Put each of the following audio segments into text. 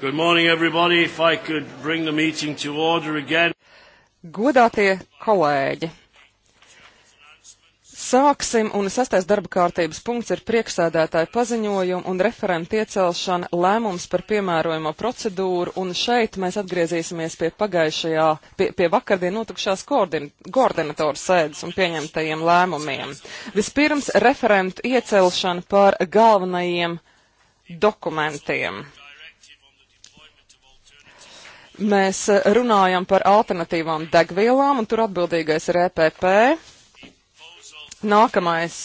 Good morning, everybody. If I could bring the meeting to order again. Godātie kolēģi! Sāksim, un sastais darba kārtības punkts ir priekšsēdētāja paziņojuma un referenta iecelšana lēmums par piemērojamo procedūru, un šeit mēs atgriezīsimies pie pagājušajā, pie, pie vakardien notukšās koordin, koordinatoru sēdes un pieņemtajiem lēmumiem. Vispirms referentu iecelšana par galvenajiem dokumentiem mēs eh, runājam par alternatīvām degvielām, un tur atbildīgais ir EPP. Nākamais,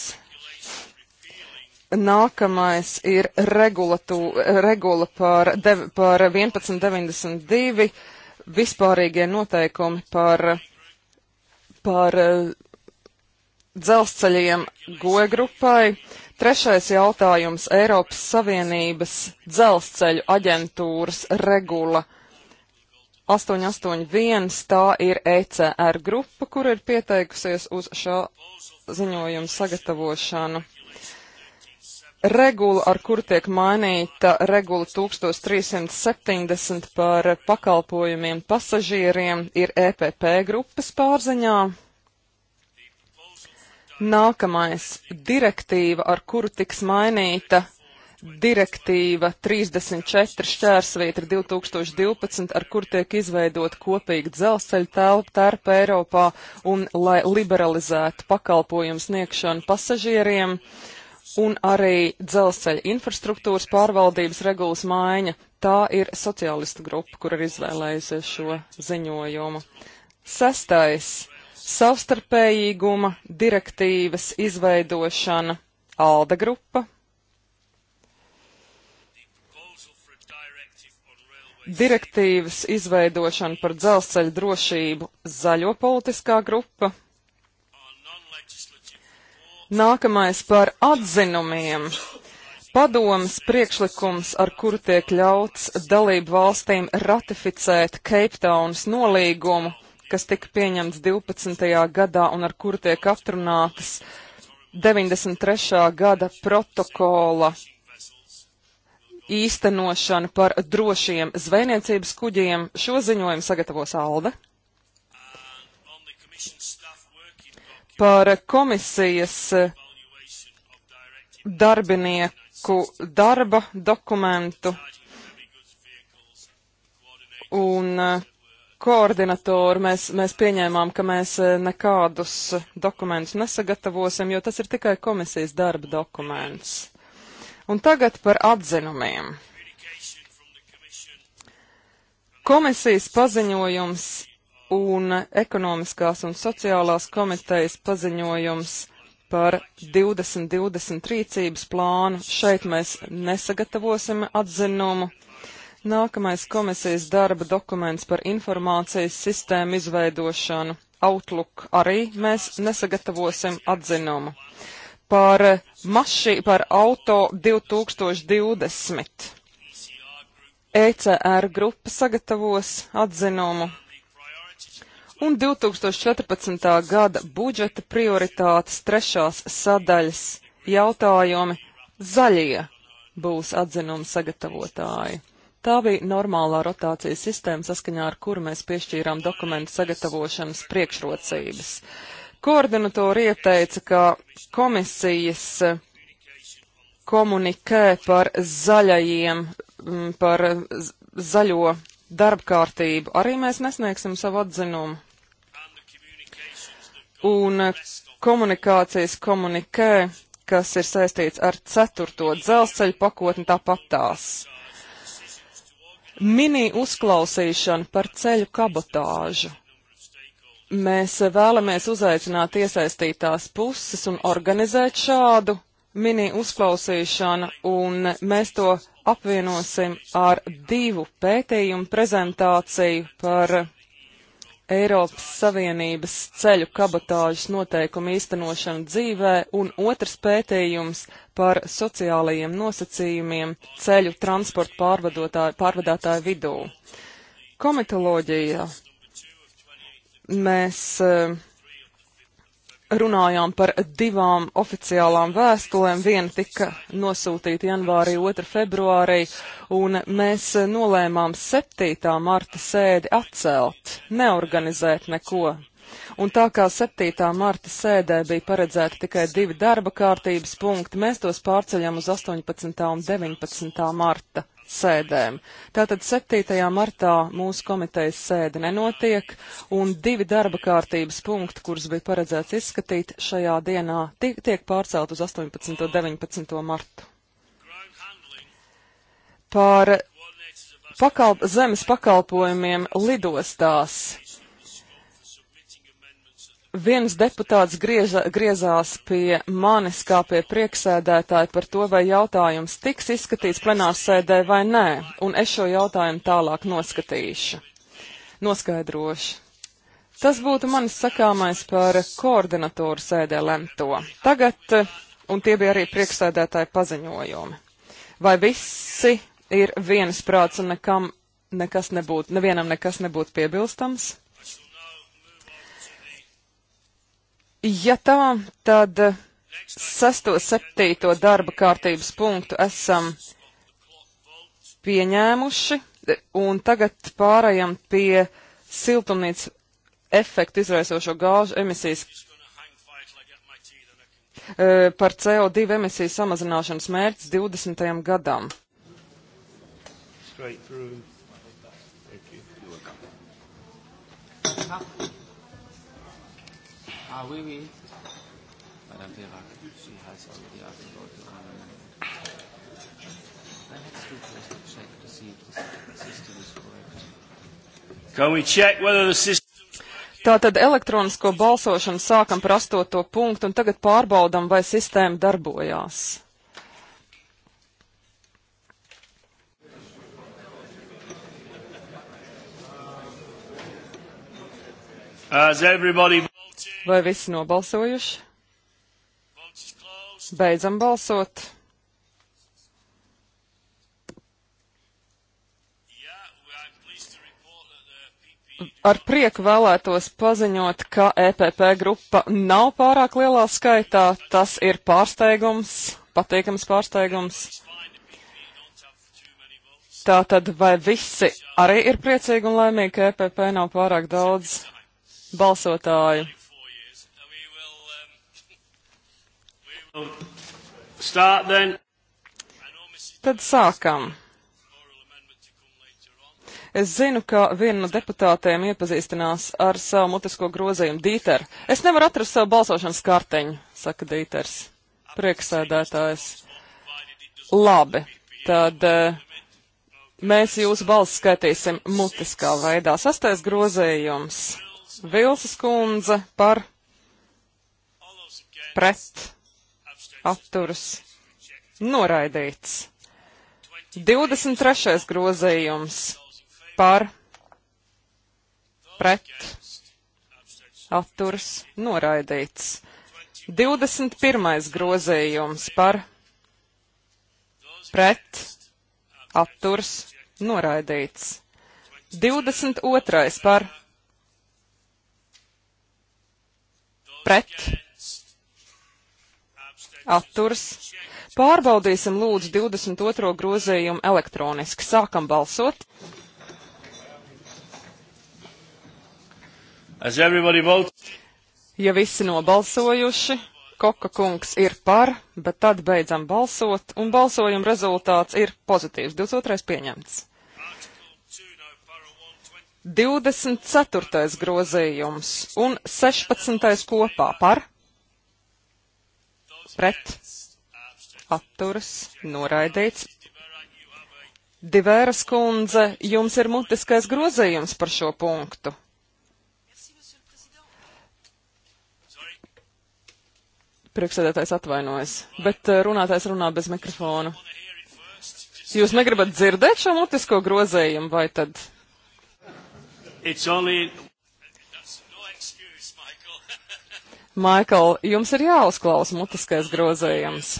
nākamais ir regulatu, eh, regula par, dev, par 1192 vispārīgie noteikumi par, par eh, dzelzceļiem goja grupai. Trešais jautājums - Eiropas Savienības dzelzceļu aģentūras regula 881, tā ir ECR grupa, kur ir pieteikusies uz šā ziņojuma sagatavošanu. Regula, ar kuru tiek mainīta regula 1370 par pakalpojumiem pasažieriem, ir EPP grupas pārziņā. Nākamais direktīva, ar kuru tiks mainīta direktīva 34 šķērsvieta ir 2012, ar kur tiek izveidot kopīgi dzelzceļa telpa tarp Eiropā un lai liberalizētu pakalpojumu sniegšanu pasažieriem un arī dzelzceļa infrastruktūras pārvaldības regulas maiņa. Tā ir sociālistu grupa, kur ir izvēlējusies šo ziņojumu. Sestais - savstarpējīguma direktīvas izveidošana Alda grupa, direktīvas izveidošanu par dzelzceļa drošību zaļo politiskā grupa. Nākamais par atzinumiem. Padomas priekšlikums, ar kuru tiek ļauts dalību valstīm ratificēt Cape Towns nolīgumu, kas tika pieņemts 12. gadā un ar kuru tiek atrunātas 93. gada protokola īstenošanu par drošiem zvejniecības kuģiem. Šo ziņojumu sagatavos Alde. Par komisijas eh, darbinieku darba dokumentu un eh, koordinatoru mēs, mēs pieņēmām, ka mēs eh, nekādus dokumentus nesagatavosim, jo tas ir tikai komisijas darba dokuments. Un tagad par atzinumiem. Komisijas paziņojums un ekonomiskās un sociālās komitejas paziņojums par 2020 rīcības plānu. Šeit mēs nesagatavosim atzinumu. Nākamais komisijas darba dokuments par informācijas sistēmu izveidošanu. Outlook arī mēs nesagatavosim atzinumu. Par maši, par auto 2020. ECR grupa sagatavos atzinumu un 2014. gada budžeta prioritātes trešās sadaļas jautājumi zaļie būs atzinuma sagatavotāji. Tā bija normālā rotācijas sistēma, saskaņā ar kuru mēs piešķīrām dokumentu sagatavošanas priekšrocības. Koordinatori ieteica, ka komisijas eh, komunikē par zaļajiem, mm, par zaļo darbkārtību arī mēs nesniegsim savu atzinumu. Un eh, komunikācijas komunikē, kas ir saistīts ar ceturto dzelzceļu pakotni tāpat tās. Mini uzklausīšana par ceļu kabotāžu. Mēs vēlamies uzaicināt iesaistītās puses un organizēt šādu mini uzklausīšanu, un mēs to apvienosim ar divu pētījumu prezentāciju par Eiropas Savienības ceļu kabatāžas noteikumu īstenošanu dzīvē, un otrs pētījums par sociālajiem nosacījumiem ceļu transporta pārvadātāju vidū. Komitoloģija mēs eh, runājām par divām oficiālām vēstulēm. Viena tika nosūtīta janvārī, otra februārī, un mēs eh, nolēmām 7. marta sēdi atcelt, neorganizēt neko. Un tā kā 7. marta sēdē bija paredzēta tikai divi darba kārtības punkti, mēs tos pārceļam uz 18. un 19. marta sēdēm. Tātad 7. martā mūsu komitejas sēde nenotiek, un divi darba kārtības punkti, kurus bija paredzēts izskatīt šajā dienā, tiek, tiek pārcelt uz 18. un 19. martu. Par pakalp zemes pakalpojumiem lidostās viens deputāts grieza, griezās pie manis kā pie prieksēdētāja par to, vai jautājums tiks izskatīts plenārsēdē vai nē, un es šo jautājumu tālāk noskatīšu, noskaidrošu. Tas būtu manis sakāmais par koordinatoru sēdē lemto. Tagad, un tie bija arī prieksēdētāja paziņojumi. Vai visi ir vienas prāts un nekam nekas nebūtu, nevienam nekas nebūtu piebilstams? Ja tā, tad sesto, septīto darba kārtības punktu esam pieņēmuši, un tagad pārējam pie siltumnīca efektu izraisošo gāžu emisijas e, par CO2 emisiju samazināšanas mērķis 20. gadam. Straight through. Thank you. You're welcome. Ah oui, oui. Madame Verac, she has already asked about the Then it's good for us to check to see if the system is correct. Can we check whether the system... Tātad elektronisko balsošanu sākam par astoto punktu un tagad pārbaudam, vai sistēma darbojās. As everybody... Vai visi nobalsojuši? Beidzam balsot. Ar prieku vēlētos paziņot, ka EPP grupa nav pārāk lielā skaitā. Tas ir pārsteigums, patīkams pārsteigums. Tātad, vai visi arī ir priecīgi un laimīgi, ka EPP nav pārāk daudz balsotāju? Start, Tad sākam. Es zinu, ka viena no deputātēm iepazīstinās ar savu mutisko grozījumu Dīteru. Es nevaru atrast savu balsošanas karteņu, saka Dīters, prieksēdētājs. Labi, tad eh, mēs jūsu balsi skaitīsim mutiskā veidā. Sastais grozījums. Vilsas kundze par pret atturas noraidīts. 23. grozījums par pret atturas noraidīts. 21. grozījums par pret atturas noraidīts. 22. par pret atturs. Pārbaudīsim lūdzu 22. grozījumu elektroniski. Sākam balsot. Ja visi nobalsojuši, Koka kungs ir par, bet tad beidzam balsot, un balsojuma rezultāts ir pozitīvs. 22. pieņemts. 24. grozījums un 16. kopā par pret atturas noraidīts. Divēras kundze, jums ir mutiskais grozījums par šo punktu. Priekšsēdētājs atvainojas, bet eh, runātājs runā bez mikrofona. Jūs negribat dzirdēt šo mutisko grozējumu, vai tad? It's only Maikl, jums ir jāuzklaus mutiskais grozējums.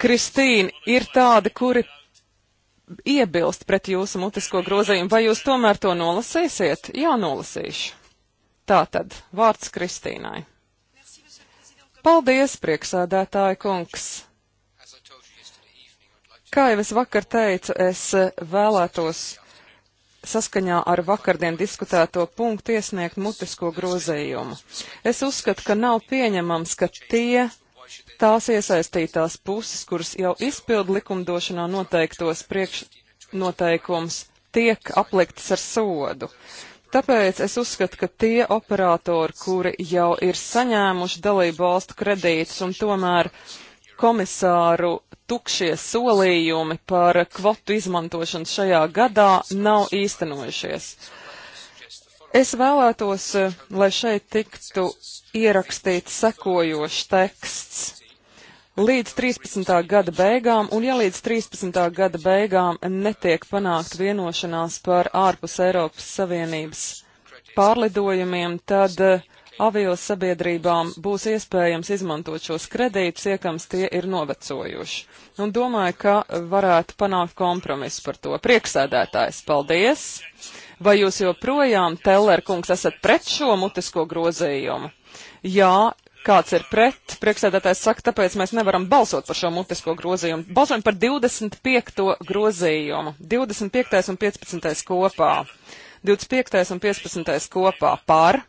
Kristīna, ir tādi, kuri iebilst pret jūsu mutisko grozījumu, vai jūs tomēr to nolasīsiet? Jā, nolasīšu. Tātad, vārds Kristīnai. Paldies, prieksēdētāji kungs! Kā jau es vakar teicu, es vēlētos saskaņā ar vakardien diskutēto punktu iesniegt mutisko grozījumu. Es uzskatu, ka nav pieņemams, ka tie tās iesaistītās puses, kuras jau izpild likumdošanā noteiktos priekšnoteikums, tiek apliktas ar sodu. Tāpēc es uzskatu, ka tie operatori, kuri jau ir saņēmuši dalību valstu kredītus un tomēr uh, komisāru tukšie solījumi par kvotu izmantošanu šajā gadā nav īstenojušies. Es vēlētos, lai šeit tiktu ierakstīts sekojošs teksts. Līdz 13. gada beigām, un ja līdz 13. gada beigām netiek panākt vienošanās par ārpus Eiropas Savienības pārlidojumiem, tad uh, aviosabiedrībām būs iespējams izmantot šos kredītus, iekams tie ir novecojuši. Un domāju, ka varētu panākt kompromisu par to. Prieksēdētājs, paldies! Vai jūs joprojām, Tellerkungs, esat pret šo mutisko grozījumu? Jā, kāds ir pret, priekšsēdētājs saka, tāpēc mēs nevaram balsot par šo mutisko grozījumu. Balsojam par 25. grozījumu, 25. un 15. kopā. 25. un 15. kopā par,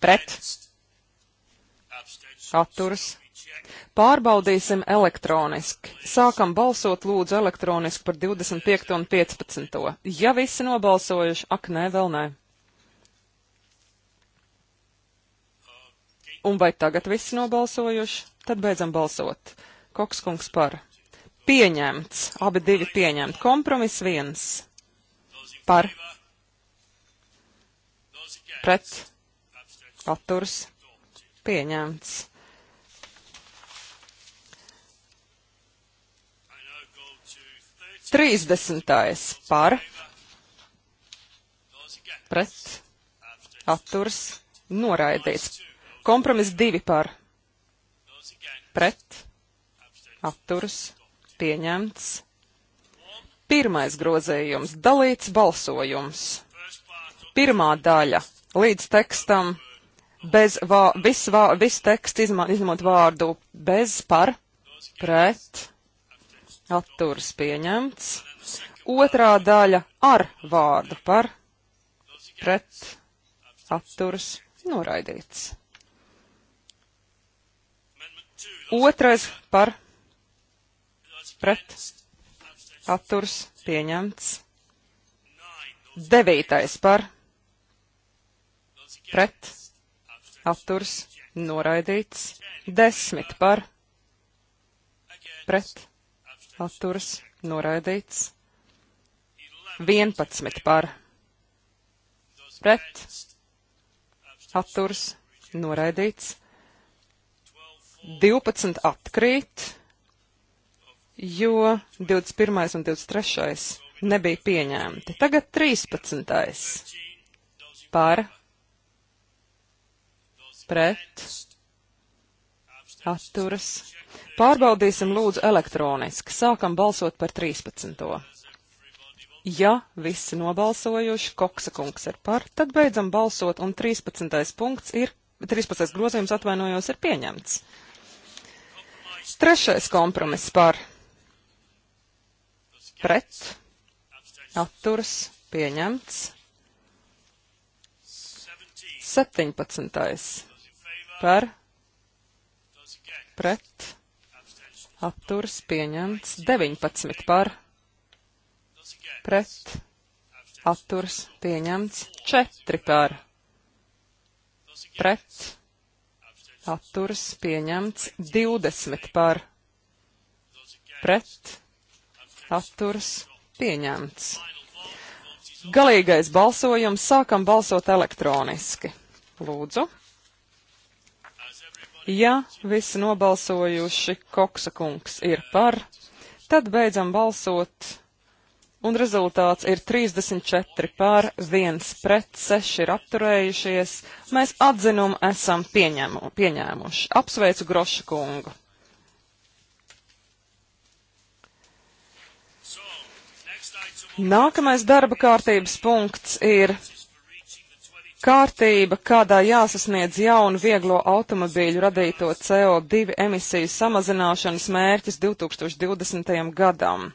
pret, atturas. Pārbaudīsim elektroniski. Sākam balsot lūdzu elektroniski par 25 un 15. Ja visi nobalsojuši, ak nē, vēl nē. Un vai tagad visi nobalsojuši? Tad beidzam balsot. Kokskungs par. Pieņemts. Abi divi pieņemt. Kompromis viens. Par. Pret atturs pieņemts. Trīsdesmitais par pret atturs noraidīts. Kompromiss divi par pret atturs pieņemts. Pirmais grozējums - dalīts balsojums. Pirmā daļa līdz tekstam bez vā, viss, vā, viss teksts izma, izņemot vārdu bez par, pret, atturs pieņemts. Otrā daļa ar vārdu par, pret, atturs noraidīts. Otrais par, pret, atturs pieņemts. Devītais par, pret pret, atturs, noraidīts, desmit par, pret, atturs, noraidīts, vienpadsmit par, pret, atturs, noraidīts, divpadsmit atkrīt, jo 21. un 23. nebija pieņemti. Tagad 13. par, pret, atturas. Pārbaudīsim lūdzu elektroniski. Sākam balsot par 13. Ja visi nobalsojuši, Koksa kungs ir par, tad beidzam balsot un 13. punkts ir, 13. grozījums atvainojos ir pieņemts. Trešais kompromiss par pret, atturas, pieņemts. 17 par pret apturas pieņemts 19 par pret apturas pieņemts 4 par pret apturas pieņemts 20 par pret apturas pieņemts. Galīgais balsojums sākam balsot elektroniski. Lūdzu. Ja visi nobalsojuši Koksa kungs ir par, tad beidzam balsot, un rezultāts ir 34 par, 1 pret, 6 ir apturējušies. Mēs atzinumu esam pieņēmu, pieņēmuši. Apsveicu Groša kungu. Nākamais darba kārtības punkts ir Kārtība, kādā jāsasniedz jaunu vieglo automobīļu radīto CO2 emisiju samazināšanas mērķis 2020. gadam.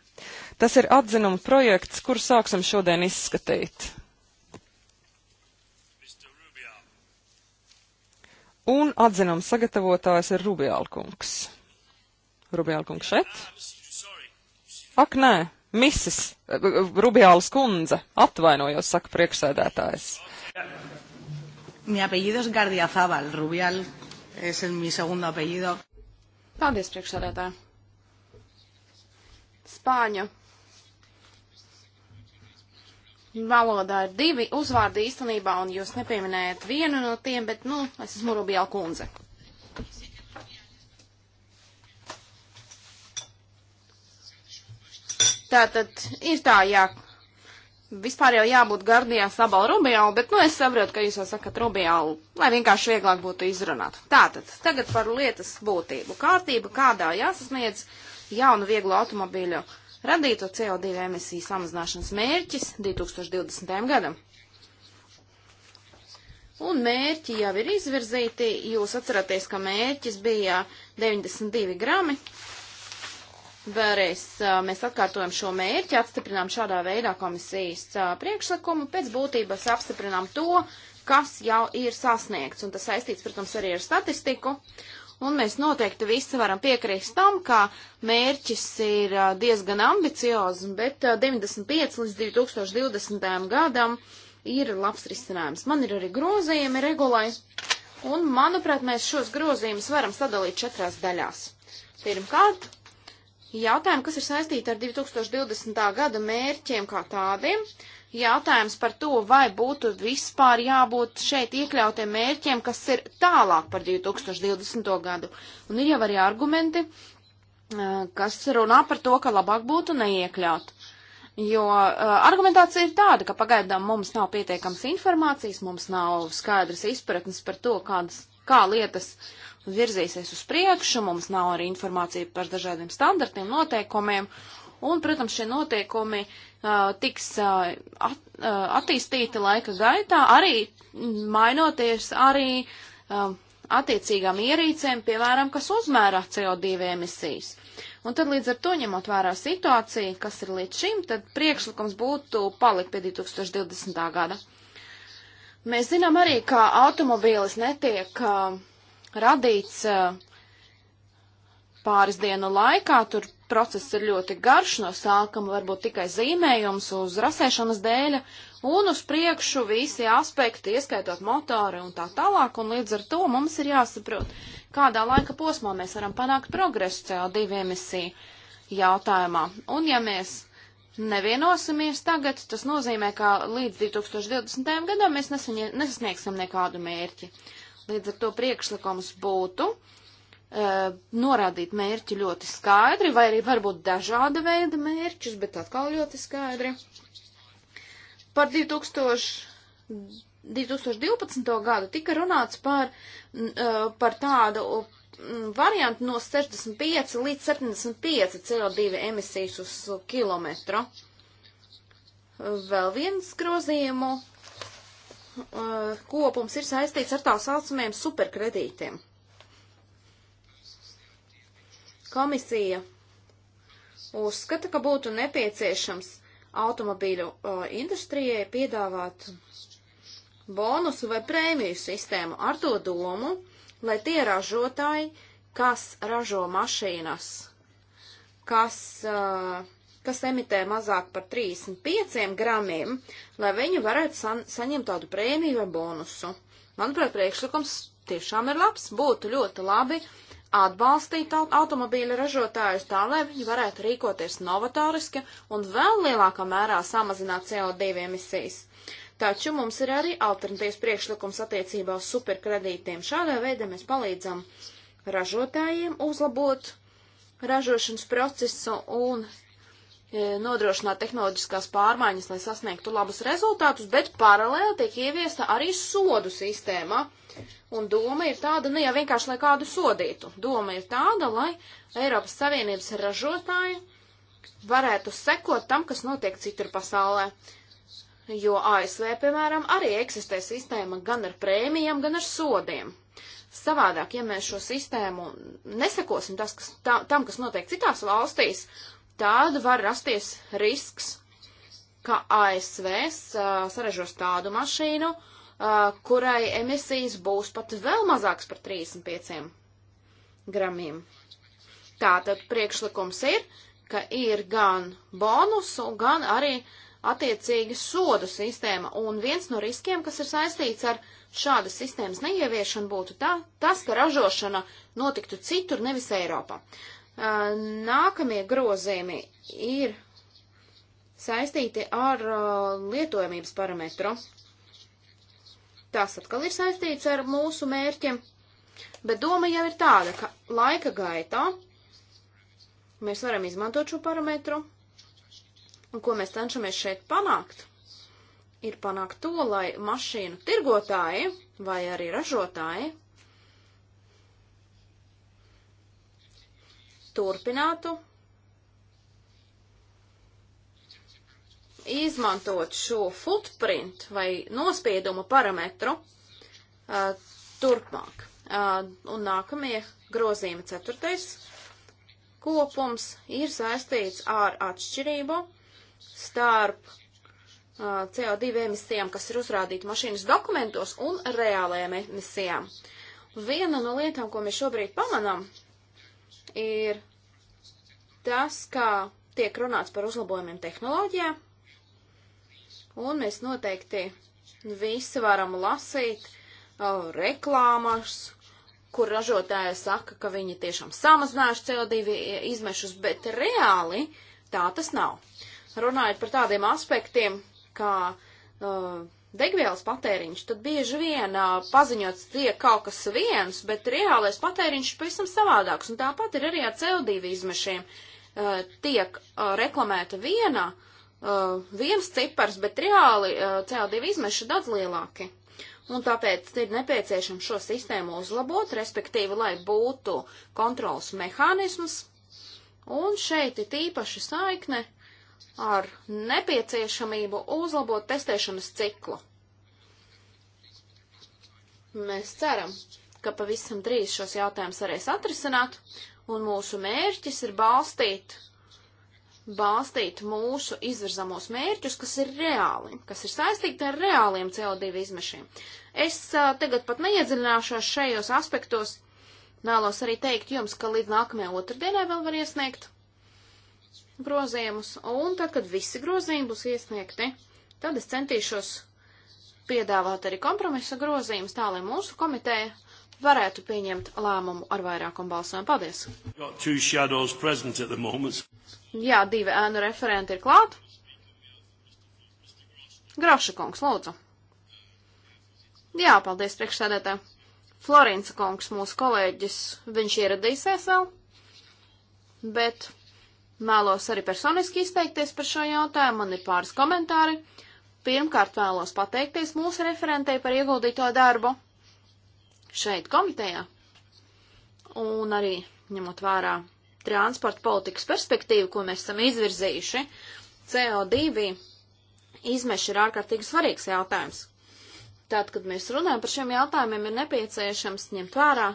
Tas ir atzinuma projekts, kuru sāksim šodien izskatīt. Un atzinuma sagatavotājs ir Rubjālkungs. Rubjālkungs šeit? Ak, nē, misis eh, Rubjālas kundze, atvainojos, saka priekšsēdētājs. Mi apellido es Gardiazabal, Rubial es el, mi segundo apellido. Paldies, priekšsādātā. Spāņu valodā ir divi uzvārdi īstenībā, un jūs nepieminējat vienu no tiem, bet, nu, es esmu Rubial kundze. Tātad ir tā, jā, vispār jau jābūt Gardijā Sabal Rubijau, bet, nu, es saprotu, ka jūs jau sakat Rubijau, lai vienkārši vieglāk būtu izrunāt. Tātad, tagad par lietas būtību. Kārtība, kādā jāsasniedz jaunu vieglu automobīļu radīto CO2 emisiju samazināšanas mērķis 2020. gadam. Un mērķi jau ir izvirzīti. Jūs atceraties, ka mērķis bija 92 grami Vēlreiz mēs atkārtojam šo mērķi, apstiprinām šādā veidā komisijas priekšlikumu, pēc būtības apstiprinām to, kas jau ir sasniegts, un tas saistīts, protams, arī ar statistiku. Un mēs noteikti visi varam piekrīst tam, ka mērķis ir diezgan ambiciozs, bet 95 līdz 2020. gadam ir labs risinājums. Man ir arī grozījumi regulai, un manuprāt, mēs šos grozījumus varam sadalīt četrās daļās. Pirmkārt, Jautājumi, kas ir saistīti ar 2020. gada mērķiem kā tādiem, jautājums par to, vai būtu vispār jābūt šeit iekļautiem mērķiem, kas ir tālāk par 2020. gadu. Un ir jau arī argumenti, kas runā par to, ka labāk būtu neiekļaut. Jo argumentācija ir tāda, ka pagaidām mums nav pietiekams informācijas, mums nav skaidrs izpratnes par to, kādas, kā lietas virzīsies uz priekšu, mums nav arī informācija par dažādiem standartiem, noteikumiem, un, protams, šie noteikumi uh, tiks uh, at, uh, attīstīti laika gaitā, arī mainoties arī uh, attiecīgām ierīcēm, piemēram, kas uzmērā CO2 emisijas. Un tad līdz ar to ņemot vērā situāciju, kas ir līdz šim, tad priekšlikums būtu palikt pie 2020. gada. Mēs zinām arī, ka automobīlis netiek uh, radīts pāris dienu laikā, tur process ir ļoti garš, no sākuma varbūt tikai zīmējums uz rasēšanas dēļa, un uz priekšu visi aspekti, ieskaitot motori un tā tālāk, un līdz ar to mums ir jāsaprot, kādā laika posmā mēs varam panākt progresu CO2 emisiju jautājumā. Un ja mēs nevienosimies tagad, tas nozīmē, ka līdz 2020. gadam mēs nesasniegsim nekādu mērķi. Līdz ar to priekšlikums būtu uh, norādīt mērķi ļoti skaidri, vai arī varbūt dažāda veida mērķus, bet atkal ļoti skaidri. Par 2000, 2012. gadu tika runāts par, uh, par tādu variantu no 65 līdz 75 CO2 emisijas uz kilometru. Vēl viens grozījumu uh, kopums ir saistīts ar tā saucamajiem superkredītiem. Komisija uzskata, ka būtu nepieciešams automobīļu uh, industrijai piedāvāt bonusu vai prēmiju sistēmu ar to domu, lai tie ražotāji, kas ražo mašīnas, kas uh, kas emitē mazāk par 35 gramiem, lai viņi varētu san saņemt tādu prēmiju vai bonusu. Manuprāt, priekšlikums tiešām ir labs. Būtu ļoti labi atbalstīt automobīļa ražotājus tā, lai viņi varētu rīkoties novatoriski un vēl lielākā mērā samazināt CO2 emisijas. Taču mums ir arī alternatīvs priekšlikums attiecībā uz superkredītiem. Šādā veidā mēs palīdzam ražotājiem uzlabot ražošanas procesu un E, nodrošināt tehnoloģiskās pārmaiņas, lai sasniegtu labus rezultātus, bet paralēli tiek ieviesta arī sodu sistēma. Un doma ir tāda, ne nu jau vienkārši, lai kādu sodītu. Doma ir tāda, lai Eiropas Savienības ražotāji varētu sekot tam, kas notiek citur pasaulē. Jo ASV, piemēram, arī eksistē sistēma gan ar prēmijām, gan ar sodiem. Savādāk, ja mēs šo sistēmu nesekosim tas, kas, tam, kas notiek citās valstīs, uh, tad var rasties risks, ka ASV saražos tādu mašīnu, kurai emisijas būs pat vēl mazāks par 35 gramiem. Tātad priekšlikums ir, ka ir gan bonusu, gan arī attiecīgi sodu sistēma. Un viens no riskiem, kas ir saistīts ar šādas sistēmas neieviešanu, būtu tā, tas, ka ražošana notiktu citur, nevis Eiropā. Nākamie grozījumi ir saistīti ar lietojamības parametru. Tas atkal ir saistīts ar mūsu mērķiem, bet doma jau ir tāda, ka laika gaitā mēs varam izmantot šo parametru, un ko mēs cenšamies šeit panākt, ir panākt to, lai mašīnu tirgotāji vai arī ražotāji turpinātu izmantot šo footprint vai nospiedumu parametru uh, turpmāk. Uh, un nākamie grozījumi ceturtais kopums ir saistīts ar atšķirību starp uh, CO2 emisijām, kas ir uzrādīti mašīnas dokumentos, un reālajām emisijām. Viena no lietām, ko mēs šobrīd pamanām, ir tas, kā tiek runāts par uzlabojumiem tehnoloģijā, un mēs noteikti visi varam lasīt uh, reklāmas, kur ražotāji saka, ka viņi tiešām samazinājuši CO2 izmešus, bet reāli tā tas nav. Runājot par tādiem aspektiem, kā uh, degvielas patēriņš, tad bieži vien paziņots tiek kaut kas viens, bet reālais patēriņš ir pavisam savādāks. Un tāpat ir arī ar CO2 izmešiem. Tiek reklamēta viena, viens cipars, bet reāli CO2 izmeši ir daudz lielāki. Un tāpēc ir nepieciešams šo sistēmu uzlabot, respektīvi, lai būtu kontrols mehānisms. Un šeit ir tīpaši saikne ar nepieciešamību uzlabot testēšanas ciklu. Mēs ceram, ka pavisam drīz šos jautājumus varēs atrisināt, un mūsu mērķis ir balstīt, balstīt mūsu izvirzamos mērķus, kas ir reāli, kas ir saistīti ar reāliem CO2 izmešiem. Es a, tagad pat neiedziļināšos šajos aspektos, vēlos arī teikt jums, ka līdz nākamajai otrdienai vēl var iesniegt grozījumus, un tad, kad visi grozījumi būs iesniegti, tad es centīšos piedāvāt arī kompromisa grozījumus tā, lai mūsu komiteja varētu pieņemt lēmumu ar vairākumu balsojumu. Paldies! Jā, divi ēnu referenti ir klāt. Grauša kungs, lūdzu. Jā, paldies priekšsēdētā. Florence kungs, mūsu kolēģis, viņš ieradīsies vēl, bet Mēlos arī personiski izteikties par šo jautājumu, man ir pāris komentāri. Pirmkārt vēlos pateikties mūsu referentei par ieguldīto darbu šeit komitejā. Un arī ņemot vērā transporta politikas perspektīvu, ko mēs esam izvirzījuši, CO2 izmeši ir ārkārtīgi svarīgs jautājums. Tad, kad mēs runājam par šiem jautājumiem, ir nepieciešams ņemt vērā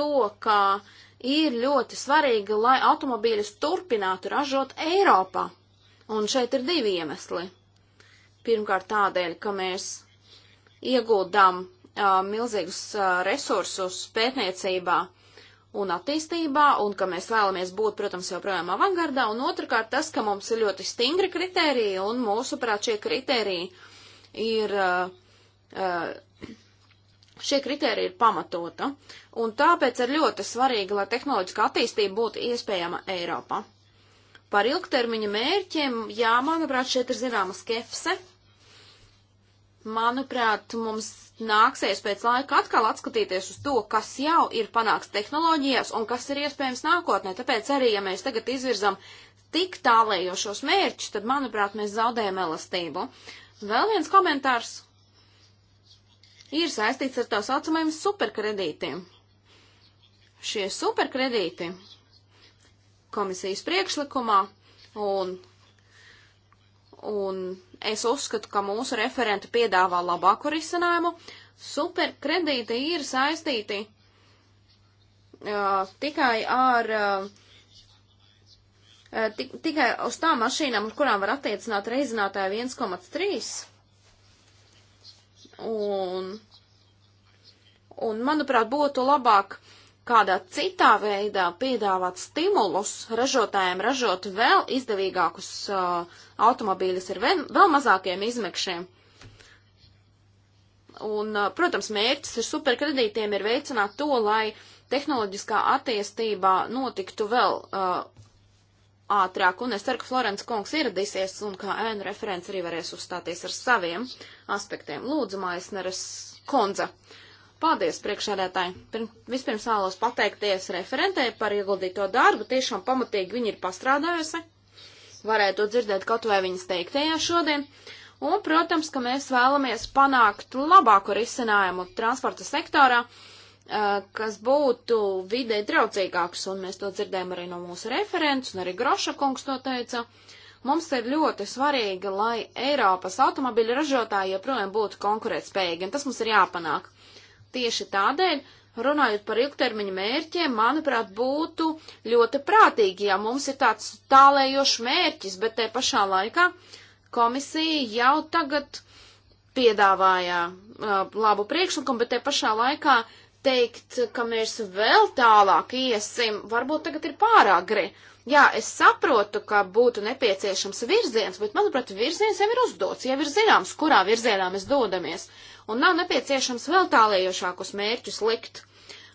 to, ka uh, ir ļoti svarīga, lai automobīļus turpinātu ražot Eiropā. Un šeit ir divi iemesli. Pirmkārt tādēļ, ka mēs ieguldām uh, milzīgus uh, resursus pētniecībā un attīstībā, un ka mēs vēlamies būt, protams, joprojām avangardā, un otrkārt tas, ka mums ir ļoti stingri kritēriji, un mūsuprāt šie kritēriji ir uh, uh, Šie kriteriji ir pamatota, un tāpēc ir ļoti svarīgi, lai tehnoloģiska attīstība būtu iespējama Eiropā. Par ilgtermiņa mērķiem, jā, manuprāt, šeit ir zināma skepse. Manuprāt, mums nāksies pēc laika atkal atskatīties uz to, kas jau ir panāks tehnoloģijās un kas ir iespējams nākotnē. Tāpēc arī, ja mēs tagad izvirzam tik tālējošos mērķus, tad, manuprāt, mēs zaudējam elastību. Vēl viens komentārs, ir saistīts ar tā saucamajiem superkredītiem. Šie superkredīti komisijas priekšlikumā un, un es uzskatu, ka mūsu referenta piedāvā labāku risinājumu. Superkredīti ir saistīti uh, tikai ar uh, tik, tikai uz tām mašīnām, uz kurām var attiecināt reizinātāju 1,3. Un, un manuprāt, būtu labāk kādā citā veidā piedāvāt stimulus ražotājiem ražot vēl izdevīgākus uh, automobīļus ar vēl, vēl mazākiem izmekšiem. Un, uh, protams, mērķis ar superkredītiem ir veicināt to, lai tehnoloģiskā attīstībā notiktu vēl uh, ātrāk, un es ceru, ka Florence kungs ieradīsies, un kā ēnu referents arī varēs uzstāties ar saviem aspektiem. Lūdzu, Maisneres kundze. Paldies, priekšsēdētāji. Pirm, vispirms vēlos pateikties referentē par ieguldīto darbu, tiešām pamatīgi viņa ir pastrādājusi. Varētu dzirdēt kaut vai viņas teiktajā šodien. Un, protams, ka mēs vēlamies panākt labāku risinājumu transporta sektorā. Uh, Eh, kas būtu vidē traucīgāks, un mēs to dzirdējam arī no mūsu referents, un arī Groša kungs to teica. Mums ir ļoti svarīgi, lai Eiropas automobiļu ražotāji joprojām būtu konkurētspējīgi, un tas mums ir jāpanāk. Tieši tādēļ, runājot par ilgtermiņa mērķiem, manuprāt, būtu ļoti prātīgi, ja mums ir tāds tālējošs mērķis, bet te pašā laikā komisija jau tagad piedāvāja uh, labu priekšlikumu, bet te pašā laikā uh, teikt, ka mēs vēl tālāk iesim, varbūt tagad ir pārāk gri. Jā, es saprotu, ka būtu nepieciešams virziens, bet, manuprāt, virziens jau ir uzdots, jau ir zināms, kurā virzienā mēs dodamies, un nav nepieciešams vēl tālējošākus mērķus likt.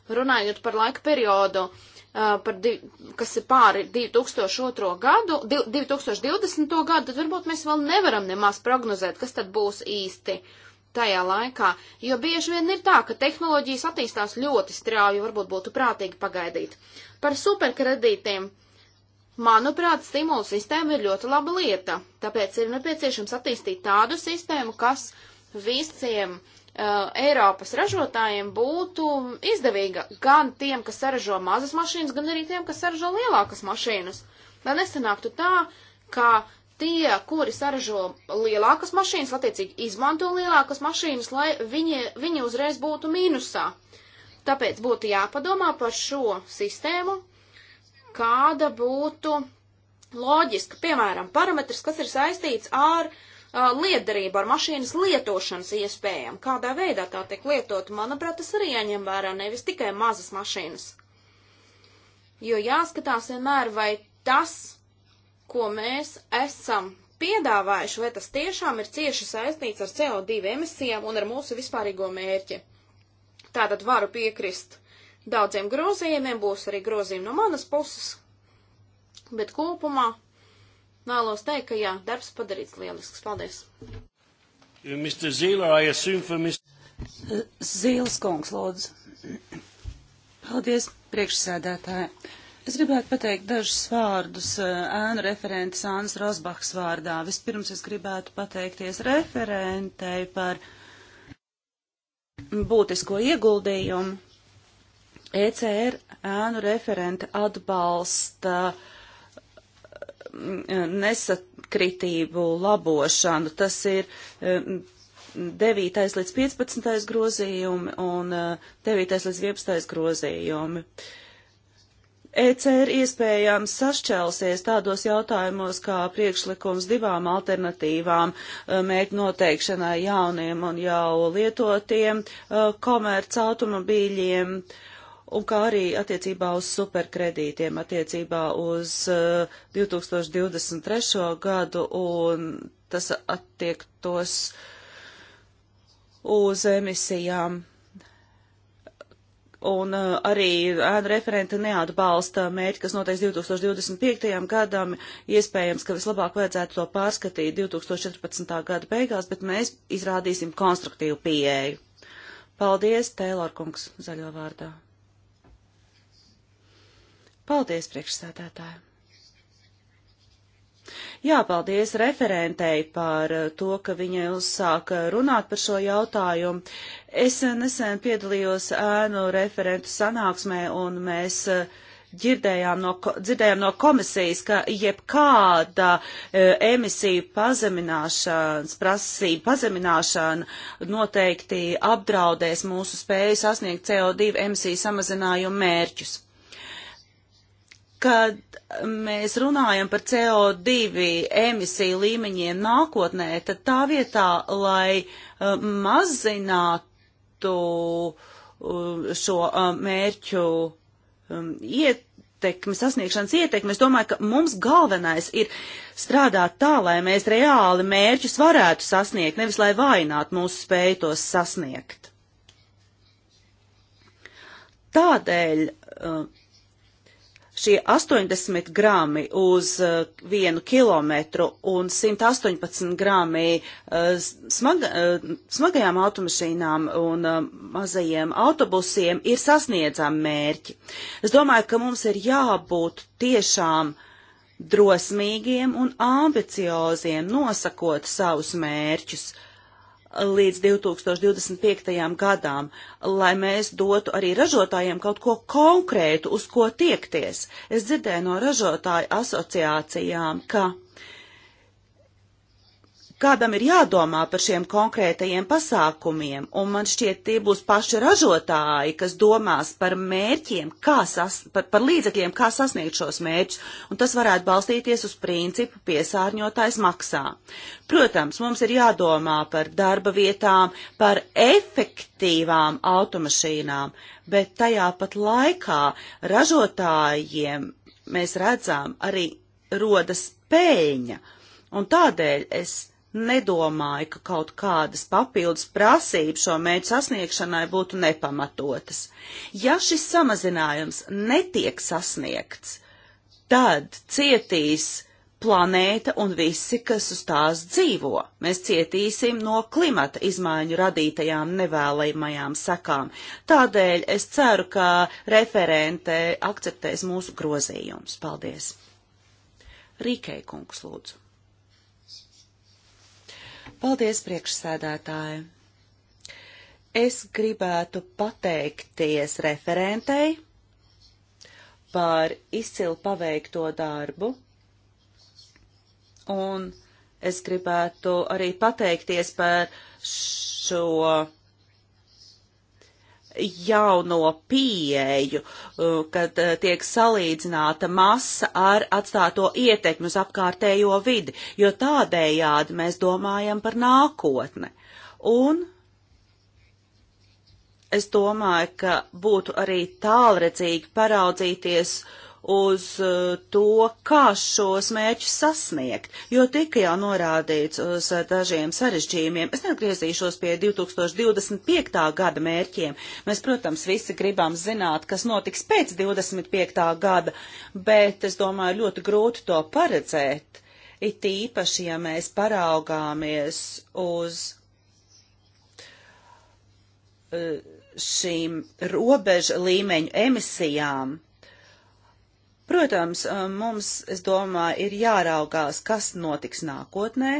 Runājot par laika periodu, uh, par div, kas ir pāri 2002. gadu, div, 2020. gadu, tad varbūt mēs vēl nevaram nemaz prognozēt, kas tad būs īsti. Uh, tajā laikā, jo bieži vien ir tā, ka tehnoloģijas attīstās ļoti strauji, varbūt būtu prātīgi pagaidīt. Par superkredītiem, manuprāt, stimulu sistēma ir ļoti laba lieta, tāpēc ir nepieciešams attīstīt tādu sistēmu, kas visiem uh, Eiropas ražotājiem būtu izdevīga gan tiem, kas saražo mazas mašīnas, gan arī tiem, kas saražo lielākas mašīnas. Lai nesanāktu tā, ka tie, kuri saražo lielākas mašīnas, attiecīgi izmanto lielākas mašīnas, lai viņi, viņi uzreiz būtu mīnusā. Tāpēc būtu jāpadomā par šo sistēmu, kāda būtu loģiska, piemēram, parametrs, kas ir saistīts ar uh, liederību, ar mašīnas lietošanas iespējām, kādā veidā tā tiek lietot, manuprāt, tas arī jāņem vērā, nevis tikai mazas mašīnas. Jo jāskatās vienmēr, vai tas, ko mēs esam piedāvājuši, vai tas tiešām ir cieši saistīts ar CO2 emisijām un ar mūsu vispārīgo mērķi. Tātad varu piekrist daudziem grozījumiem, būs arī grozījumi no manas puses, bet kopumā vēlos teikt, ka jā, darbs padarīts lielisks. Paldies! Uh, Mr. Zīler, I assume for Mr. Zīles kungs, lūdzu. Paldies, priekšsēdētāji. Es gribētu pateikt dažus vārdus eh, ēnu referentes Ānas Rosbachs vārdā. Vispirms es gribētu pateikties referentei par būtisko ieguldījumu. ECR ēnu referente atbalsta eh, nesakritību labošanu. Tas ir 9. Eh, līdz 15. grozījumi un 9. līdz 11. grozījumi. Uh, ECR iespējams sašķelsies tādos jautājumos kā priekšlikums divām alternatīvām e, mērķu noteikšanai jauniem un jau lietotiem e, komerc automobīļiem un kā arī attiecībā uz superkredītiem, attiecībā uz 2023. E, gadu un tas attiektos uz emisijām un uh, arī ēnu referenta neatbalsta mērķi, kas noteikts 2025. gadam. Iespējams, ka vislabāk vajadzētu to pārskatīt 2014. gada beigās, bet mēs izrādīsim konstruktīvu pieeju. Paldies, Tēlor kungs, zaļo vārdā. Paldies, priekšsēdētāji. Jā, paldies referentei par eh, to, ka viņa uzsāk runāt par šo jautājumu. Es eh, nesen piedalījos ēnu referentu sanāksmē un mēs eh, dzirdējām no, dzirdējām no komisijas, ka jebkāda e, emisiju pazemināšanas, prasība pazemināšana noteikti apdraudēs mūsu spēju sasniegt CO2 emisiju samazinājumu mērķus kad mēs runājam par CO2 emisiju līmeņiem nākotnē, tad tā vietā, lai uh, mazinātu uh, šo uh, mērķu iet um, ietekmi, sasniegšanas ietekmi, es domāju, ka mums galvenais ir strādāt tā, lai mēs reāli mērķus varētu sasniegt, nevis lai vainātu mūsu spēju tos sasniegt. Tādēļ uh, šie 80 grami uz uh, vienu kilometru un 118 grami uh, smaga, uh, smagajām automašīnām un mazajiem autobusiem ir sasniedzami mērķi. Es domāju, ka mums ir jābūt tiešām drosmīgiem un ambicioziem nosakot savus mērķus. Uh, līdz 2025. gadām, lai mēs dotu arī ražotājiem kaut ko konkrētu, uz ko tiekties. Es dzirdēju no ražotāju asociācijām, ka kādam ir jādomā par šiem konkrētajiem pasākumiem, un man šķiet, tie būs paši ražotāji, kas domās par mērķiem, kā sas, par, par līdzekļiem, kā sasniegt šos mērķus, un tas varētu balstīties uz principu piesārņotājs maksā. Protams, mums ir jādomā par darba vietām, par efektīvām automašīnām, bet tajā pat laikā ražotājiem mēs redzam arī rodas pēļņa. Un tādēļ es nedomāju, ka kaut kādas papildus prasības šo mērķu sasniegšanai būtu nepamatotas. Ja šis samazinājums netiek sasniegts, tad cietīs planēta un visi, kas uz tās dzīvo. Mēs cietīsim no klimata izmaiņu radītajām nevēlējumajām sekām. Tādēļ es ceru, ka referente akceptēs mūsu grozījumus. Paldies! Rīkei kungs lūdzu. Paldies, priekšsēdētāji! Es gribētu pateikties referentei par izcilu paveikto darbu, un es gribētu arī pateikties par šo jauno pieeju, uh, kad uh, tiek salīdzināta masa ar atstāto ietekmi uz apkārtējo vidi, jo tādējādi mēs domājam par nākotni. Un es domāju, ka būtu arī tālredzīgi paraudzīties uh, uz uh, to, kā šos mērķus sasniegt, jo tika jau norādīts uz uh, dažiem sarežģījumiem. Es neatgriezīšos pie 2025. gada mērķiem. Mēs, protams, visi gribam zināt, kas notiks pēc 25. gada, bet es domāju, ļoti grūti to paredzēt. It īpaši, ja mēs paraugāmies uz uh, šīm robežu līmeņu emisijām, Protams, eh, mums, es domāju, ir jāraugās, kas notiks nākotnē,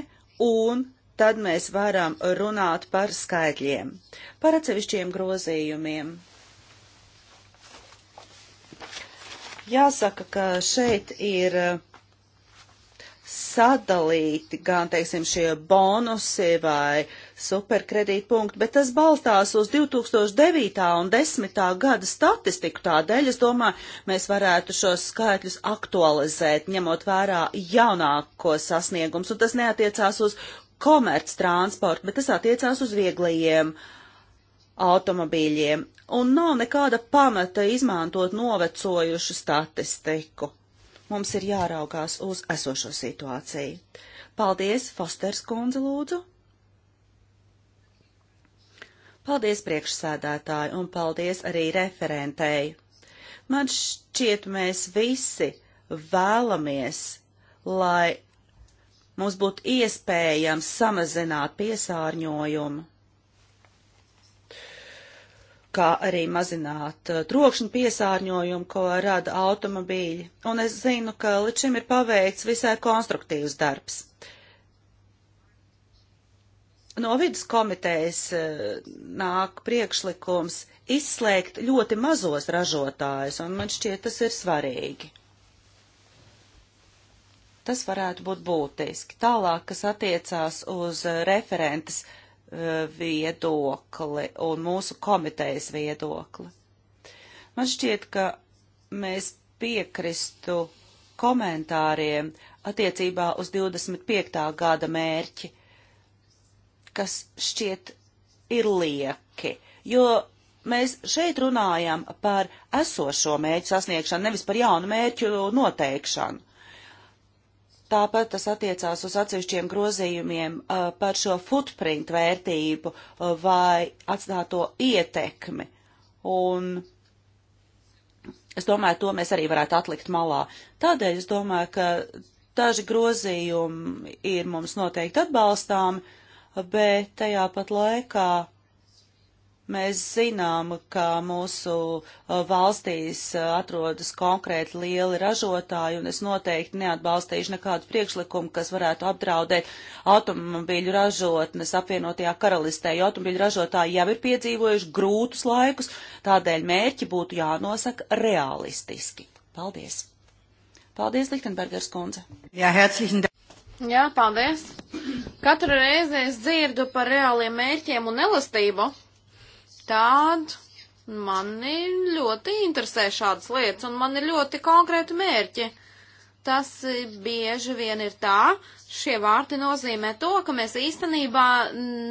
un tad mēs varam runāt par skaitļiem, par atsevišķiem grozījumiem. Jāsaka, ka šeit ir eh, sadalīti gan, teiksim, šie bonusi vai superkredītpunkti, bet tas balstās uz 2009. un 10. gada statistiku. Tādēļ, es domāju, mēs varētu šos skaitļus aktualizēt, ņemot vērā jaunāko sasniegums, un tas neatiecās uz komerc transportu, bet tas attiecās uz vieglajiem automobīļiem, un nav nekāda pamata izmantot novecojušu statistiku. Mums ir jāraugās uz esošo situāciju. Paldies, Fosters kundze, lūdzu! Paldies priekšsēdētāji un paldies arī referentēji. Man šķiet, mēs visi vēlamies, lai mums būtu iespējams samazināt piesārņojumu kā arī mazināt uh, trokšņu piesārņojumu, ko rada automobīļi. Un es zinu, ka līdz šim ir paveikts visai konstruktīvs darbs. No vidas komitejas uh, nāk priekšlikums izslēgt ļoti mazos ražotājus, un man šķiet tas ir svarīgi. Tas varētu būt būtiski. Tālāk, kas attiecās uz referentes uh, viedokli un mūsu komitejas viedokli. Man šķiet, ka mēs piekristu komentāriem attiecībā uz 25. gada mērķi, kas šķiet ir lieki, jo mēs šeit runājam par esošo mērķu sasniegšanu, nevis par jaunu mērķu noteikšanu. Tāpat tas attiecās uz atsevišķiem grozījumiem uh, par šo footprint vērtību uh, vai atstāto ietekmi. Un es domāju, to mēs arī varētu atlikt malā. Tādēļ es domāju, ka daži grozījumi ir mums noteikti atbalstām, bet tajā pat laikā Mēs zinām, ka mūsu uh, valstīs uh, atrodas konkrēti lieli ražotāji, un es noteikti neatbalstīšu nekādu priekšlikumu, kas varētu apdraudēt automobīļu ražotnes apvienotajā karalistē, jo automobīļu ražotāji jau ir piedzīvojuši grūtus laikus, tādēļ mērķi būtu jānosaka realistiski. Paldies! Paldies, Lichtenbergers kundze! Jā, herzlichen Dank! Jā, paldies! Katru reizi es dzirdu par reāliem mērķiem un elastību. Tād mani ļoti interesē šādas lietas, un man ir ļoti konkrēti mērķi. Tas bieži vien ir tā, šie vārti nozīmē to, ka mēs īstenībā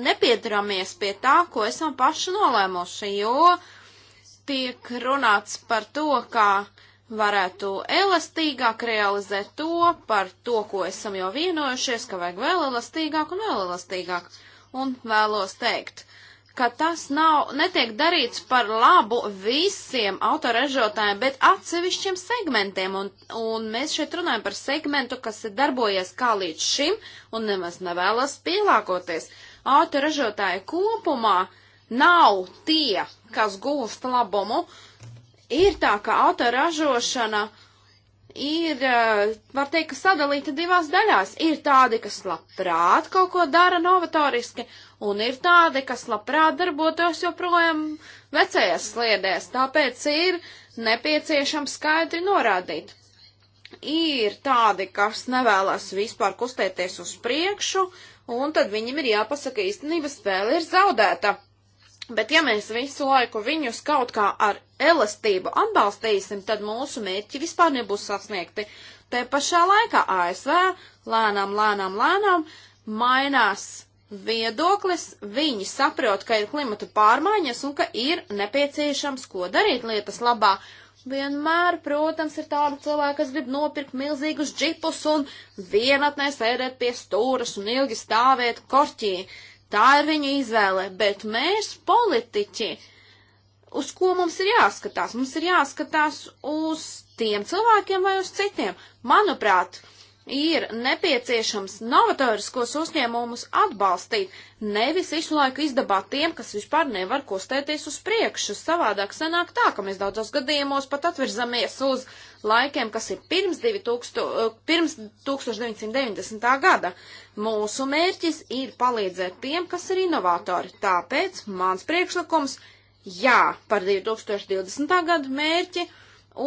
nepiedaramies pie tā, ko esam paši nolēmuši, jo tiek runāts par to, kā varētu elastīgāk realizēt to par to, ko esam jau vienojušies, ka vajag vēl elastīgāk un vēl elastīgāk. Un vēlos teikt, ka tas nav, netiek darīts par labu visiem autoražotājiem, bet atsevišķiem segmentiem, un, un mēs šeit runājam par segmentu, kas ir darbojies kā līdz šim, un nemaz nevēlas pielāgoties. Autoražotāji kopumā nav tie, kas gūst labumu, ir tā, ka autoražošana uh, ir, eh, var teikt, ka sadalīta divās daļās. Ir tādi, kas labprāt kaut ko dara novatoriski, un ir tādi, kas labprāt darbotos joprojām vecajās sliedēs. Tāpēc ir nepieciešams skaidri norādīt. Ir tādi, kas nevēlas vispār kustēties uz priekšu, un tad viņam ir jāpasaka īstenības spēle ir zaudēta. Bet ja mēs visu laiku viņus kaut kā ar elastību atbalstīsim, tad mūsu mērķi vispār nebūs sasniegti. Te pašā laikā ASV lēnām, lēnām, lēnām mainās viedoklis, viņi saprot, ka ir klimata pārmaiņas un ka ir nepieciešams, ko darīt lietas labā. Vienmēr, protams, ir tādi cilvēki, kas grib nopirkt milzīgus džipus un vienatnē sēdēt pie stūras un ilgi stāvēt korķī. Tā ir viņu izvēle, bet mēs, politiķi, uh, uz ko mums ir jāskatās? Mums ir jāskatās uz tiem cilvēkiem vai uz citiem. Manuprāt, ir nepieciešams novatoriskos uzņēmumus atbalstīt, nevis visu laiku izdabāt tiem, kas vispār nevar kostēties uz priekšu. Savādāk sanāk tā, ka mēs daudzos gadījumos pat atvirzamies uz laikiem, kas ir pirms, 2000, pirms 1990. gada. Mūsu mērķis ir palīdzēt tiem, kas ir inovatori. Tāpēc mans priekšlikums ir jā par 2020. gadu mērķi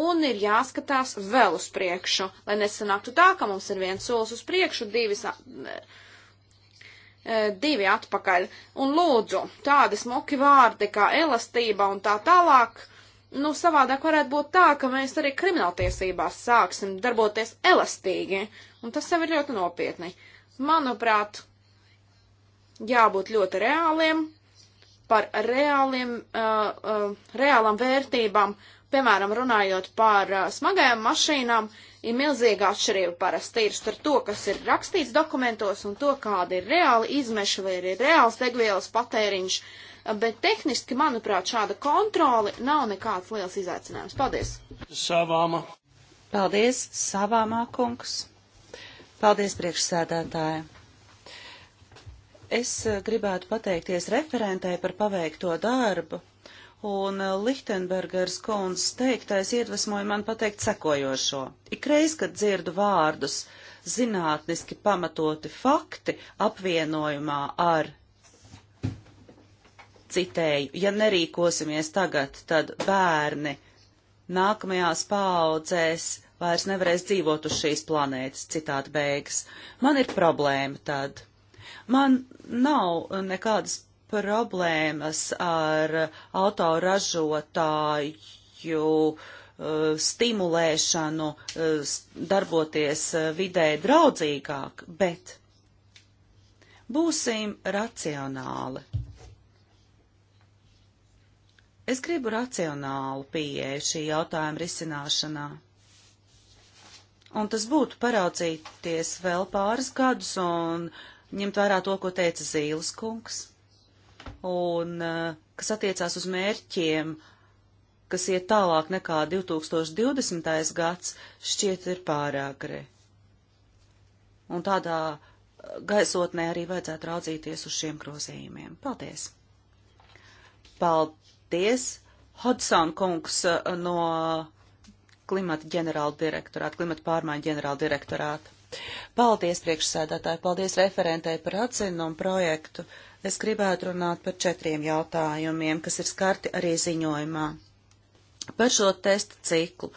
un ir jāskatās vēl uz priekšu, lai nesanāktu tā, ka mums ir viens solis uz priekšu, divi, e, divi atpakaļ. Un lūdzu, tādi smuki vārdi kā elastība un tā tālāk. Nu, savādāk varētu būt tā, ka mēs arī krimināltiesībās sāksim darboties elastīgi, un tas jau ir ļoti nopietni. Manuprāt, jābūt ļoti reāliem, par reāliem, uh, uh, reālam vērtībām, piemēram, runājot par uh, smagajām mašīnām, ir milzīga atšķirība parasti ir starp to, kas ir rakstīts dokumentos un to, kāda ir reāla izmeša vai ir reāls degvielas patēriņš. Uh, bet tehniski, manuprāt, šāda kontrole nav nekāds liels izaicinājums. Paldies! Savāma! Paldies, Savāmā kungs! Paldies, priekšsēdētāji! Es eh, gribētu pateikties referentē par paveikto darbu, un eh, Lichtenbergers kundz teiktais iedvesmoja man pateikt sekojošo. Ikreiz, kad dzirdu vārdus zinātniski pamatoti fakti apvienojumā ar citēju, ja nerīkosimies tagad, tad bērni nākamajās paaudzēs vairs nevarēs dzīvot uz šīs planētas, citādi beigas. Man ir problēma tad. Man nav nekādas problēmas ar autoražotāju uh, stimulēšanu uh, darboties eh, vidē draudzīgāk, bet būsim racionāli. Es gribu racionālu pieeju šī jautājuma risināšanā. Un tas būtu paraudzīties vēl pāris gadus un uh, ņemt vērā to, ko teica Zīles kungs, un eh, kas attiecās uz mērķiem, kas iet tālāk nekā 2020. gads, šķiet ir pārāgri. Un tādā eh, gaisotnē arī vajadzētu raudzīties uz šiem grozījumiem. Paldies! Paldies! Hodson kungs eh, no klimata ģenerāla direktorāta, klimata pārmaiņu ģenerāla direktorāta. Paldies priekšsēdētāji, paldies referentei par atzinumu projektu. Es gribētu runāt par četriem jautājumiem, kas ir skarti arī ziņojumā. Par šo testu ciklu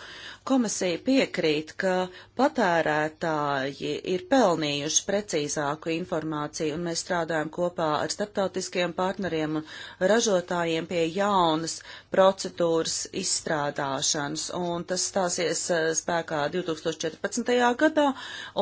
komisija piekrīt, ka patērētāji ir pelnījuši precīzāku informāciju, un mēs strādājam kopā ar starptautiskiem partneriem un ražotājiem pie jaunas procedūras izstrādāšanas, un tas stāsies eh, spēkā 2014. gadā,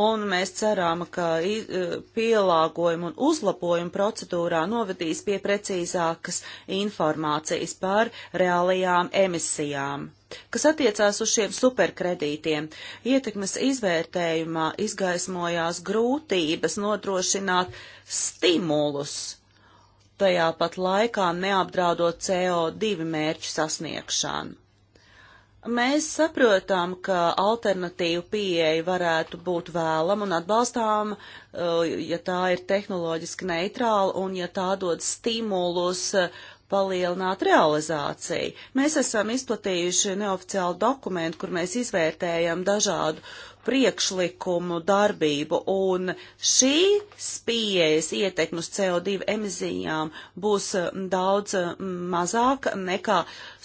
un mēs ceram, ka eh, pielāgojumu un uzlabojumu procedūrā novedīs pie precīzākas informācijas par reālajām emisijām diskusijām. Kas attiecās uz šiem superkredītiem, ietekmes izvērtējumā izgaismojās grūtības nodrošināt stimulus, tajā pat laikā neapdraudot CO2 mērķu sasniegšanu. Mēs saprotam, ka alternatīva pieeja varētu būt vēlam un atbalstām, uh, ja tā ir tehnoloģiski neitrāla un ja tā dod stimulus uh, palielināt realizāciju. Mēs esam izplatījuši neoficiālu dokumentu, kur mēs izvērtējam dažādu priekšlikumu darbību, un šīs pieejas ietekmes CO2 emisijām būs daudz mazāka nekā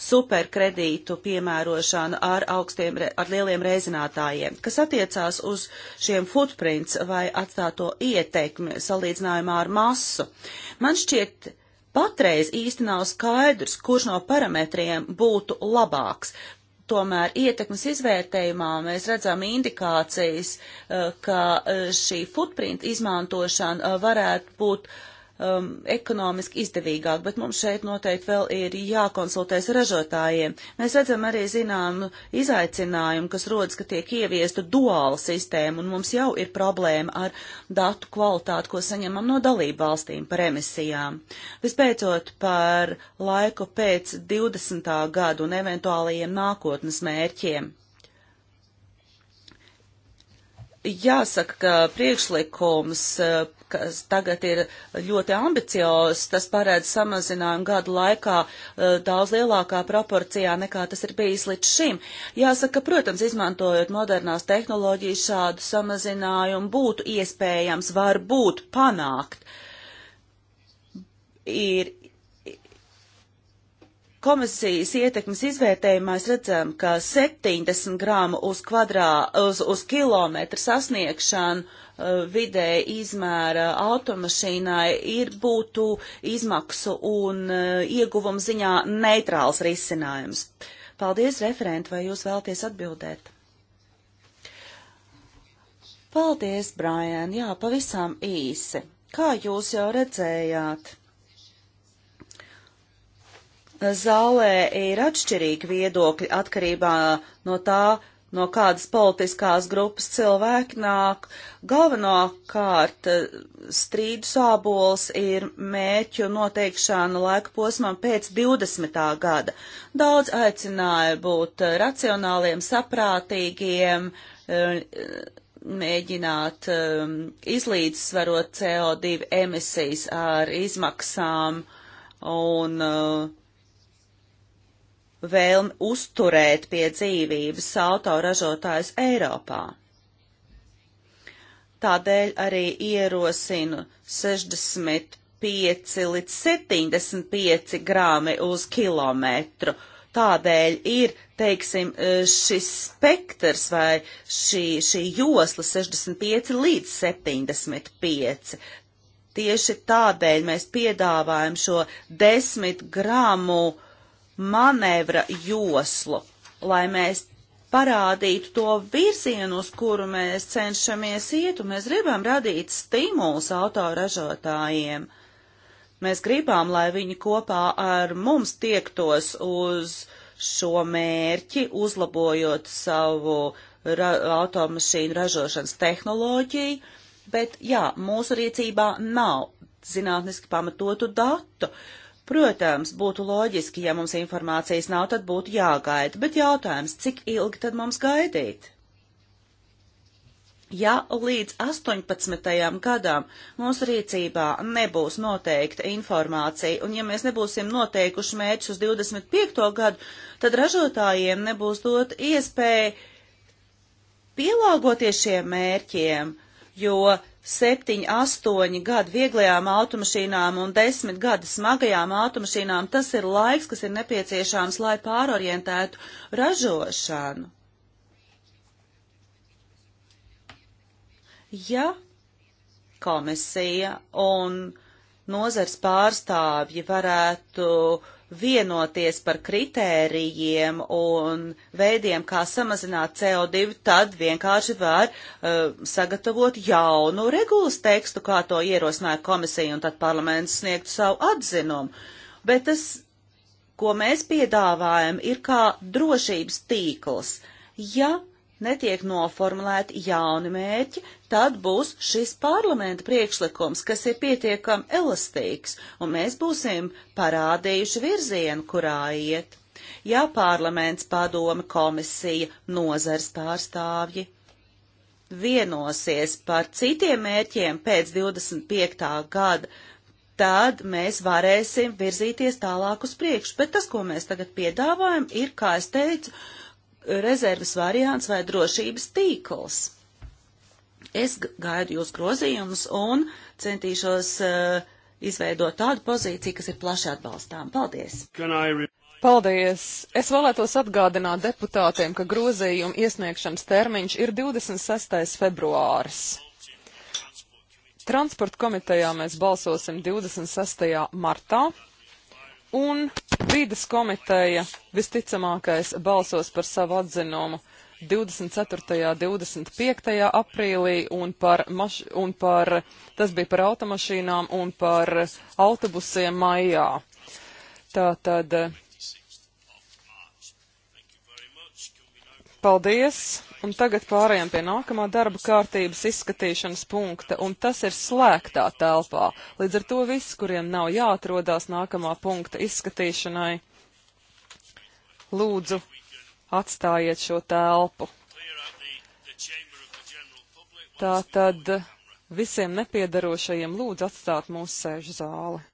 superkredītu piemērošana ar augstiem, ar lieliem reizinātājiem, kas attiecās uz šiem footprints vai atstāto ietekmi salīdzinājumā ar masu. Man šķiet, Patreiz īsti nav skaidrs, kurš no parametriem būtu labāks. Tomēr ietekmes izvērtējumā mēs redzam indikācijas, eh, ka eh, šī footprint izmantošana eh, varētu būt uh, um, ekonomiski izdevīgāk, bet mums šeit noteikti vēl ir jākonsultēs ražotājiem. Mēs redzam arī zinām izaicinājumu, kas rodas, ka tiek ieviesta duāla sistēma, un mums jau ir problēma ar datu kvalitāti, ko saņemam no dalību valstīm par emisijām. Vispēcot par laiku pēc 20. gadu un eventuālajiem nākotnes mērķiem jāsaka, ka priekšlikums uh, kas tagad ir ļoti ambiciozs, tas paredz samazinājumu gadu laikā e, daudz lielākā proporcijā nekā tas ir bijis līdz šim. Jāsaka, protams, izmantojot modernās tehnoloģijas šādu samazinājumu būtu iespējams, varbūt panākt. Ir komisijas ietekmes izvērtējumā mēs redzam, ka 70 gramu uz, kvadrā, uz, uz kilometru sasniegšanu Uh, vidēji izmēra automašīnai ir būtu izmaksu un uh, ieguvumu ziņā neitrāls risinājums. Paldies, referenti, vai jūs vēlties atbildēt? Paldies, Brian, jā, pavisam īsi. Kā jūs jau redzējāt? Zālē ir atšķirīgi viedokļi atkarībā no tā, no kādas politiskās grupas cilvēki nāk. Galvenokārt eh, strīdu sābols ir mērķu noteikšana laika posmam pēc 20. gada. Daudz aicināja būt eh, racionāliem, saprātīgiem, eh, mēģināt izlīdzsvarot CO2 emisijas ar izmaksām un uh, vēlmi uzturēt pie dzīvības autoražotājus Eiropā. Tādēļ arī ierosinu 65 līdz 75 grāmi uz kilometru. Tādēļ ir, teiksim, šis spektrs vai šī, šī josla 65 līdz 75. Tieši tādēļ mēs piedāvājam šo 10 gramu uh, manevra joslu, lai mēs parādītu to virzienu, uz kuru mēs cenšamies iet, un mēs gribam radīt stimulus autoražotājiem. Mēs gribam, lai viņi kopā ar mums tiektos uz šo mērķi, uzlabojot savu ra automašīnu ražošanas tehnoloģiju, bet jā, mūsu rīcībā nav zinātniski pamatotu datu. Uh, Protams, būtu loģiski, ja mums informācijas nav, tad būtu jāgaida, bet jautājums, cik ilgi tad mums gaidīt? Ja līdz 18. gadam mūsu rīcībā nebūs noteikta informācija, un ja mēs nebūsim noteikuši mērķus uz 25. gadu, tad ražotājiem nebūs dot iespēja pielāgoties šiem mērķiem, jo 7, 8 gadi vieglajām automašīnām un 10 gadi smagajām automašīnām, tas ir laiks, kas ir nepieciešams, lai pārorientētu ražošanu. Ja komisija un nozars pārstāvji varētu uh, vienoties par kritērijiem un veidiem, kā samazināt CO2, tad vienkārši var uh, sagatavot jaunu regulas tekstu, kā to ierosināja komisija, un tad parlaments sniegtu savu atzinumu. Bet tas, ko mēs piedāvājam, ir kā drošības tīkls. Ja netiek noformulēti jauni mērķi, tad būs šis parlamenta priekšlikums, kas ir pietiekami elastīgs, un mēs būsim parādījuši virzienu, kurā iet. Ja parlaments, padome, komisija, nozars pārstāvji vienosies par citiem mērķiem pēc 25. gada, tad mēs varēsim virzīties tālāk uz priekšu. Bet tas, ko mēs tagad piedāvājam, ir, kā es teicu, uh, rezerves variants vai drošības tīkls. Es gaidu jūs grozījumus un centīšos uh, izveidot tādu pozīciju, kas ir plaši atbalstām. Paldies! Paldies! Es vēlētos atgādināt deputātiem, ka grozījuma iesniegšanas termiņš ir 26. februāris. Transporta komitejā mēs balsosim 26. martā un vidas komiteja visticamākais balsos par savu atzinumu 24. un 25. aprīlī, un par, maš, un par, tas bija par automašīnām un par autobusiem maijā. Tātad, paldies, Un tagad pārējām pie nākamā darba kārtības izskatīšanas punkta, un tas ir slēgtā telpā. Līdz ar to viss, kuriem nav jāatrodās nākamā punkta izskatīšanai, lūdzu atstājiet šo telpu. Tātad visiem nepiedarošajiem lūdzu atstāt mūsu sēžu zāli.